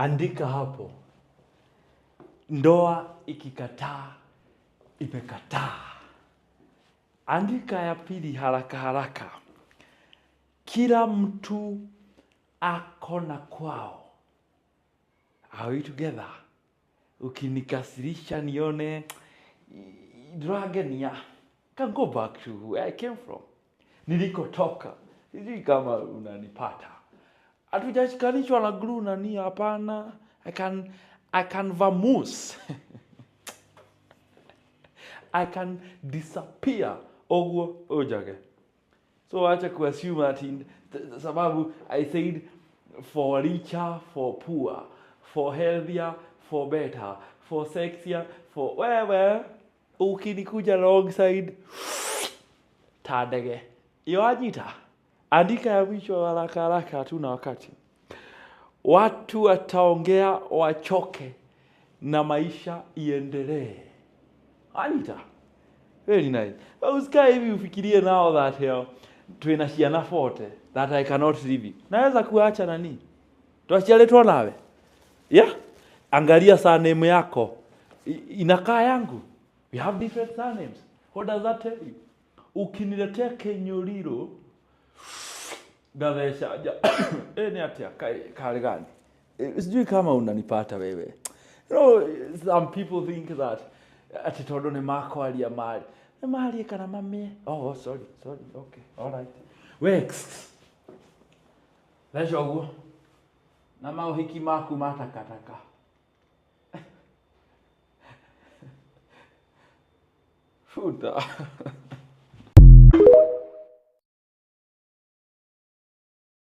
andika hapo, ndoa ikikataa imekataa. Andika ya pili haraka haraka, kila mtu ako na kwao. Are we together? Ukinikasirisha nione dragenia can go back to where I came from, nilikotoka. Sijui kama unanipata hatujashikanishwa na glue nani hapana. I can, I can vamoose I can disappear oguo ojage so acha kuassume ati sababu I said for richer for poor for healthier for better for sexier for wewe ukinikuja wrong side tadege ajita Andika ya vichwa haraka haraka, hatuna wakati. Watu wataongea wachoke na maisha iendelee. Anita, very nice. Usikae hivi ufikirie nao that hell tuinashiana fote that I cannot leave you. Naweza kuacha nani? Tuachialetwa nawe. Yeah? Angalia surname yako. inakaa yangu. We have different surnames. What does that tell you? Ukiniletea Kenyoliro ngathecaja ĩ eh, nĩ atĩa karĩ gani eh, sijui kama unanipata wewe you know, some people think that makwaria mari nä marie kana mamie oh, oh sorry sorry okay all right na maku matakataka futa